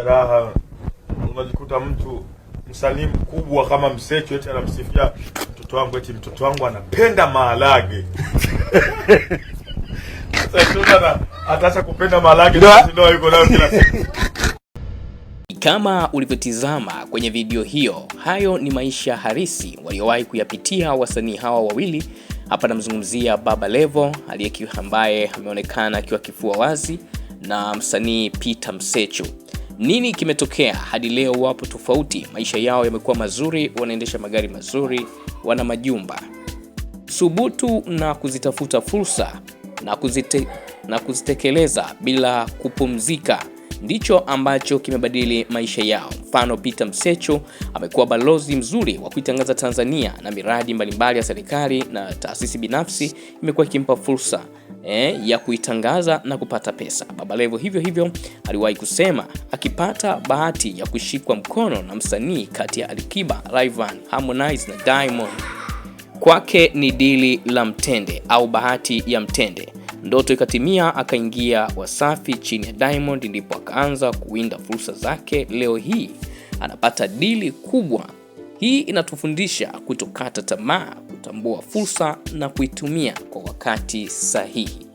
anajisikia raha. Unajikuta mtu msanii mkubwa kama Msechu eti anamsifia mtoto wangu, eti mtoto wangu anapenda maharage ataacha kupenda maharage ndio yuko eh? nayo kila siku. Kama ulivyotizama kwenye video hiyo, hayo ni maisha halisi waliowahi kuyapitia wasanii hawa wawili. Hapa namzungumzia Baba Levo aliye ambaye ameonekana akiwa kifua wazi na msanii Peter Msechu. Nini kimetokea hadi leo wapo tofauti? Maisha yao yamekuwa mazuri, wanaendesha magari mazuri, wana majumba. Thubutu na kuzitafuta fursa na, kuzite, na kuzitekeleza bila kupumzika ndicho ambacho kimebadili maisha yao. Mfano, Peter Msechu amekuwa balozi mzuri wa kuitangaza Tanzania na miradi mbalimbali ya serikali na taasisi binafsi imekuwa ikimpa fursa eh, ya kuitangaza na kupata pesa. Babalevo hivyo hivyo aliwahi kusema akipata bahati ya kushikwa mkono na msanii kati ya Alikiba, Rayvanny, Harmonize na Diamond, kwake ni dili la mtende au bahati ya mtende. Ndoto ikatimia, akaingia Wasafi chini ya Diamond, ndipo akaanza kuwinda fursa zake. Leo hii anapata dili kubwa. Hii inatufundisha kutokata tamaa, kutambua fursa na kuitumia kwa wakati sahihi.